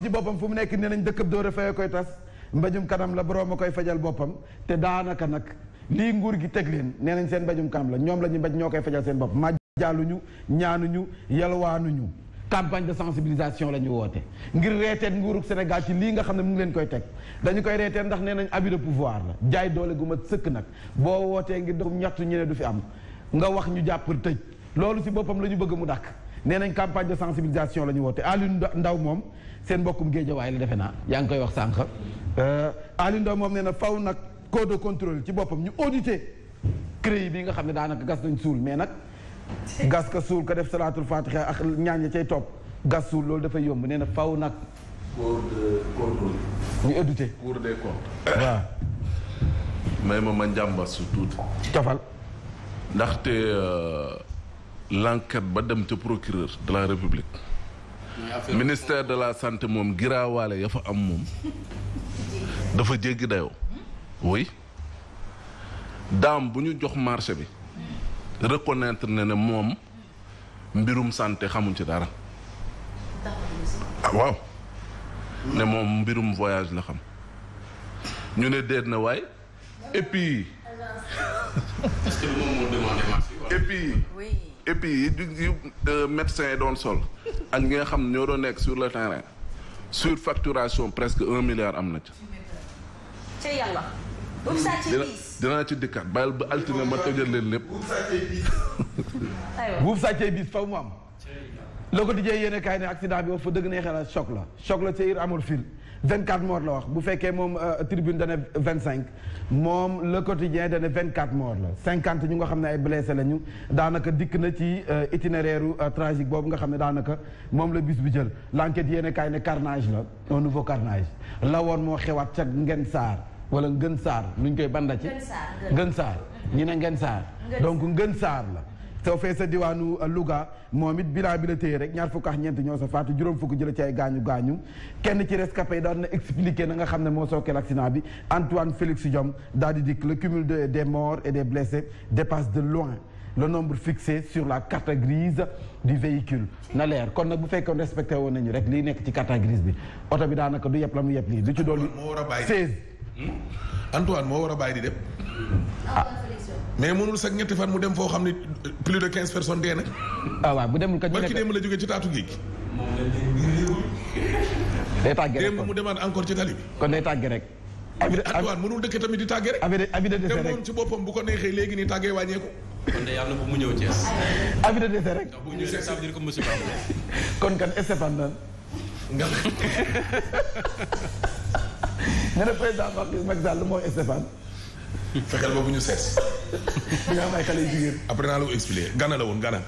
ci boppam fu mu nekk nee nañ dëkkab dóor a fayee koy tas mbajum kanam la borom a koy fajal boppam te daanaka nag lii nguur gi teg leen nee nañ seen mbajum kanam la ñoom la ñu mbaj ñoo koy fajal seen bopp majjaaluñu ñaanuñu ñu campagne de sensibilisation la ñu woote ngir reeteet nguurug Sénégal ci lii nga xam ne mu ngi leen koy teg dañu koy reeteet ndax nee nañ abus de pouvoir la jaay doole gu ma sëkk nag boo wootee ngir doxum ñattu ñeneen du fi am nga wax ñu jàpp tëj loolu si boppam la ñu bëgg mu dàkk nee nañ campagne de sensibilisation la ñu woote Aliou Ndaw moom seen mbokkum géejawaay la defe naa yaa ngi koy wax sànq euh, Aliou Ndaw moom nee na faw nag code de contrôle ci boppam ñu audité CREI bi nga xam ne daanaka gas nañ suul mais nag gas ka suul ka def salaatul fatiha ak ñaañ cay topp gas suul loolu dafay yomb nee na faw nag cour de contrôle. ñu audité cour des comptes may ma ma njàmba su tuuti ndaxte euh, l'enquête ba dem ca procureur de la république ministère de la santé moom giraawaale ya fa am moom dafa jéggi dayoo oui daam bu ñu jox marché bi reconnaître na ne moom mbirum santé xamuñ ci dara ah, waaw ne moom mbirum voyage la xam ñu ne déet na waay et puis et puis yi yu euh, médecins yi doon sol ak ñi xam ñoo doon nekk sur le terrain sur facturation presque un milliard am na ci. ca yàlla. dinaa ci dikkaat bàyyil ba altine ma tëjal leen lépp. buub sàccee bis faw mu am. Le Quotidien yéene kaay ne accident bi wax fa dëgg ne xelal choc la choc la séir amul fil 24 morts la wax bu fekkee moom euh, tribune dane 25 moom Le Quotidien dane 24 morts la 50 ñu nga xam ne ay blessé la ñu daanaka dikk na ci euh, itinéraire euh, tragique boobu nga xam ne daanaka moom la bis bi jël l'enquête yéene kaay ne carnage la un nouveau carnage la woon moo xewaat ca Ngën Saar wala Ngën Saar lu ñu koy banda ci Ngën Saar ñi ne Ngën Saar donc Ngën Saar la foofee sa diwaanu euh, Louga moom it bilan bi la téye rek ñaar fukk ak ñeent ñoo sa faatu juróom fukk jële ci ay gaañu gaañu kenn ci rescapé yi daan na na nga xam ne moo sookeel accident bi Antoine Félix Diome daal di dikk le cumul des morts et des blessés dépasse de loin le nombre fixé sur la carte grise du véhicule na leer kon nag bu fekkoon respecté woon nañu rek lii nekk ci carte grise bi oto bi daanaka du yëpp la mu yëpp lii du ci dolli. Antoine moo war a bàyyi hmm? di mais mënul sax ñetti fan mu dem foo xam ne plus de quinze personnes dee nañ. ah waaw bu demul kat ñu nekk barki démb la jógee ci taatu géej gi. day tàgge rek kon mu demaat encore ci tali kon day tàgge rek. abi atuwaan mënul dëkk tamit di tàgge rek. abi abi de dese rek moom ci boppam bu ko neexee léegi nii tàggee wàññeeku. kon de yàlla mu ñëw Thiès. abi de dese rek. bu ñu ñëwee kon kan Stéphane naan. nga ne président Macky Sall mooy Stéphane. fexeel ba bu ñu seet. da nga am ay xale yu jigéen. après naa la ko expliqué Gana la woon Gana.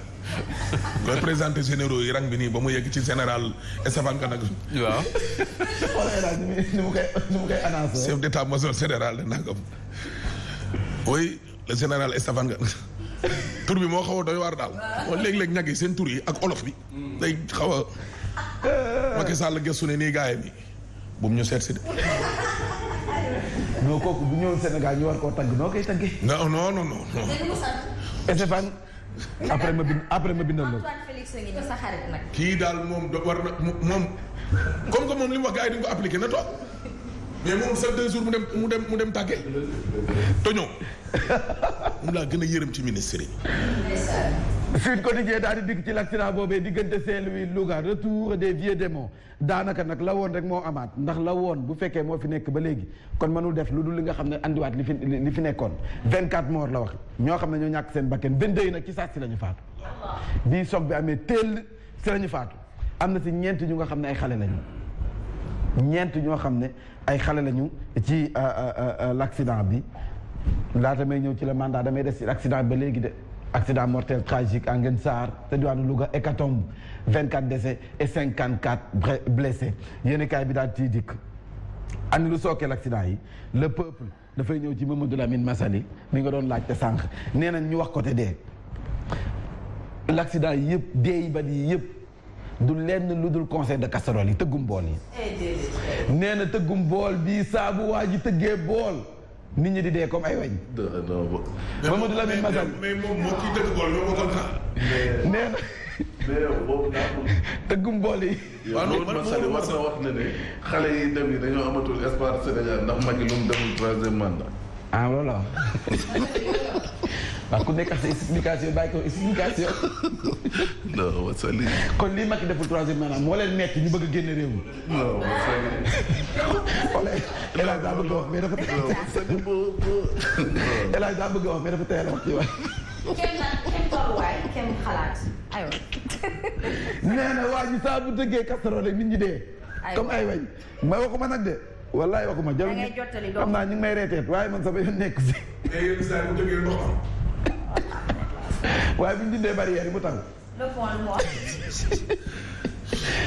koy présenté généraux yi rang bi nii ba mu yegg ci général Stéphane Kanak. waaw. xoolal ni mu koy ni mu général de Nangam. le général Stéphane Kanak. tur bi moo xaw a doy waar daal. waaw léeg-léeg ñag yi seen tur yi ak olof bi. day xaw a. Euh. Macky Sall gëstu ne nii gars yi bu ñu seet si de. non kooku bu ñëwoon Sénégal ñu war koo tagg noo koy taggee. non non non non. après ma bind après ma bindal loolu. kii daal moom war na moom comme que moom li mu wax gars yi na to mais moom sa deux jours mu dem mu dem mu dem tàggee. toño moom laa gën yërëm ci ministère Sud Quotidien daal di ci l'accident boobee diggante Saint-Louis Louga retour des vieux démons daanaka nag la woon rek moo amaat ndax la woon bu fekkee moo fi nekk ba léegi kon mënul def lu dul li nga xam ne andiwaat li fi li fi nekkoon 24 morts la wax ñoo xam ne ñoo ñàkk seen bakken 22 yi nag ci saas si la ñu faatu bii soog bi amee teel si la ñu faatu am na si ñeent ñu nga xam ne ay xale lañu ñeent ñoo xam ne ay xale lañu ci euh, euh, euh, l'accident bi laata may ñëw ci la mandat damay des ci accident ba léegi de. accident mortel tragique à Nguène Sarr te diwaanu Louga hécatombe 24 décès et 54 blessés yéen kaay bi daal di dikk ani lu sookeel accident yi le peuple dafay ñëw ci Mamadou Lamine Massaly mi nga doon laajte sànq nee nañ ñu wax côté dee l' accident yi yëpp dee ba yi yëpp du lenn lu dul conseil de casserole yi tëggum bool yi eh, nee tëggum bool bii saabu waa ji tëggee bool nit ñi di dee comme ay wañ. Mamadou Lamine Masal mais moom moo kii dëgg bool ñoo ko kontaan. nee na. mais yow boobu tëggum bool yi. waaw loolu man wax na ne xale yi dem yi dañoo amatul espoir Sénégal ndax Macky lu mu demul troisième mandat. ah voilà waaw ku nekk ak sa explication bàyyi ko explication. non wasali. kon lii Macky deful troisième maanaam moo leen metti ñu bëgg a génne réew mi. non wasali. wala El Hadj daa bëgg a wax mais dafa teel a wax. El Hadj daa bëgg a wax mais dafa teel a wax ci waay. kenn kenn tolluwaay kenn xalaat aywa. nee na waa ji saa bu dëggee casserole nit ñi dee. comme ay wañ ma waxuma nag de. wallaay waxuma jarul da ngay jottali xam naa ñu may reeteet waaye man sama yoon nekk si. mais yéen saa bu jógee ndox waaye bu ñu dindee barrière yi mu taw. le point le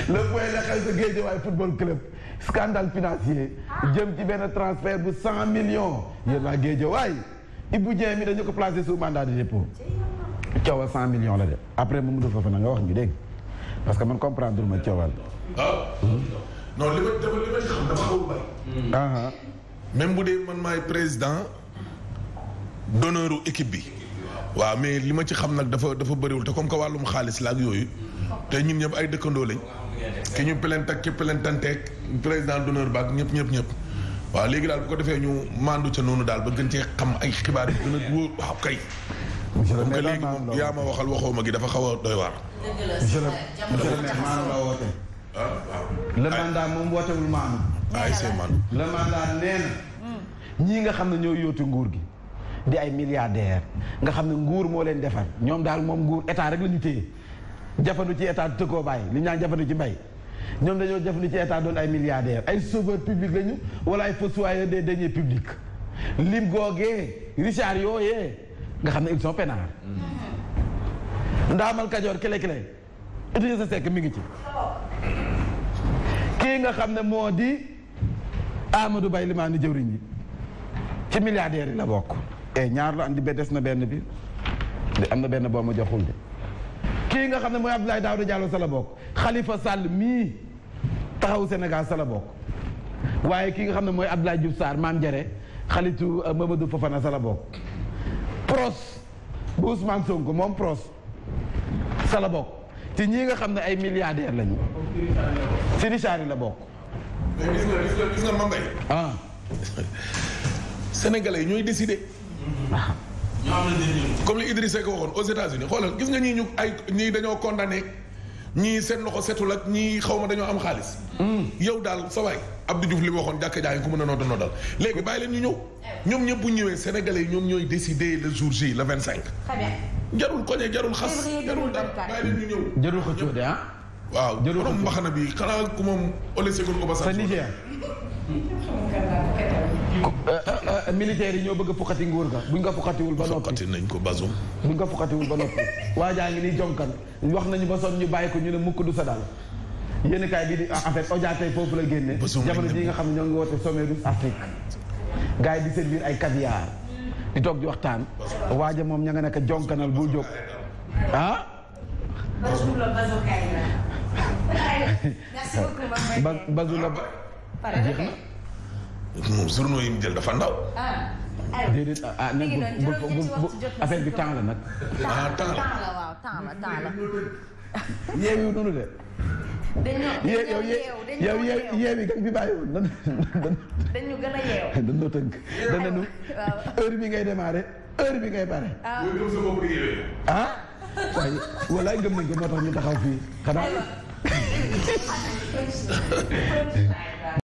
point. le point la football club. scandale financier. jëm ci benn transfert bu cent millions. yéen waa Guédiawaye. Ibou Dieng mi dañu ko placé sous mandat de dépôt. coowal cent millions la de après mu mënul foofu na nga wax ñu dégg parce que man comprendre ma coowal. Ah. Hmm? non hmm. ah, ah. même bu dee man maay président d'honneur u équipe bi. waaw mais li ma ci xam nag dafa dafa bëriwul te comme que wàllum xaalis la yooyu. te ñun ñëpp ay dëkkandoo lañ. ki ñu plainte ak ki plaitanteeg président d'honneur ba ñëpp ñëpp ñëpp. waaw léegi daal bu ko defee ñu maandu ca noonu daal ba gën cee xam ay xibaar yi gën a wóor waaw kay. monsieur le maire yaa ma waxal waxoo ma gi dafa xaw a doy waar. monsieur lan mandat moom wootewul maanu le mandat nee na hmm. ñii nga xam ne ñoo yootu nguur gi di ay milliardaire nga xam ne nguur moo leen defar ñoom daal moom nguur état rek la ñu téye jafandu ci état tëkkoo bàyyi li ñu naan jafandu ci mbay ñoom dañoo jafandu ci état doon ay milliardaire ay sauveur public lañu wala ay fossoyeur des deniers publics lim googee Richard yooyee nga xam ne ils sont peinards hmm. ndaamal kajoor kele kele Idrissa Seck mi ngi ci ah kii nga xam ne moo di Amadou Bay Limaani jëwriñ yi ci milliardaires yi la bokk e ñaar la andi ba des na benn bi di am na benn boo ma joxul de kii nga xam ne mooy Abdoulaye Daouda Diallo sa la bokk xalifa sàll mii taxaw Sénégal sa la bokk waaye kii nga xam ne mooy Abdoulaye Diouf Sarr maam Jare xalitu euh, Mamadou Fofana sa la bokk pros bu Ousmane Sonko moom pros sa la bokk te ñii nga xam ne ay milliardaires lañu. ci richaar yi la bokk. mais gis nga ah. ñooy décider. Ah. comme li Idrissa Seck waxoon aux États-Unis xoolal gis nga ñii ñu ay ñii dañoo condamné ñii seen loxo setul ak ñii xaw ma dañoo am xaalis. Hmm. yow daal sa waay Abdou Diouf li mu waxoon jàkka jaay ku mën a noo doon daal léegi bàyyi leen ñu ñëw ñoom ñëpp bu ñëwee sénégalais yi ñoom ñooy décider le jour J le vingt cinq. très bien. jarul koñe jarul xas jarul dara bàyyi leen ñu ñëw. jarul xëccoo de ah. waaw borom mbaxana bi xanaa ku moom ole segon ko ba sa Niger eh, eh, militaire yi ñoo bëgg a fukkati nguur ga buñ ko fukkatiwul ba noppi fukkati nañ ko basum buñ ko fukkatiwul ba noppi waa jaa ngi nii jonkan wax nañu ba sonn ñu bàyyi ko ñu ne mukk du sa daal yéen kaay bi di ah, en fait Odia tey foofu la génne jamono ji nga xam ne ñoo ngi woote sommet Afrique gars yi di servir ay caviar di toog di waxtaan waaja moom ña nga nekk jonkanal bu jóg ah. bazu la jeex na. moom journaux yi mu jël dafa ndaw. Ah, déedéet ah, ah bi temps la nag. Ah, temps la waaw temps la temps la. yeewu noonu de. dañoo yow yow yeew yi bi bàyyiwul nan. dañu gën a yeew. dañoo tënk dañu heure bi ngay démarrer heure bi ngay pare. ah loolu sa bopp ah waaye walaay gëm nañ ko moo tax ñu taxaw fii xanaa.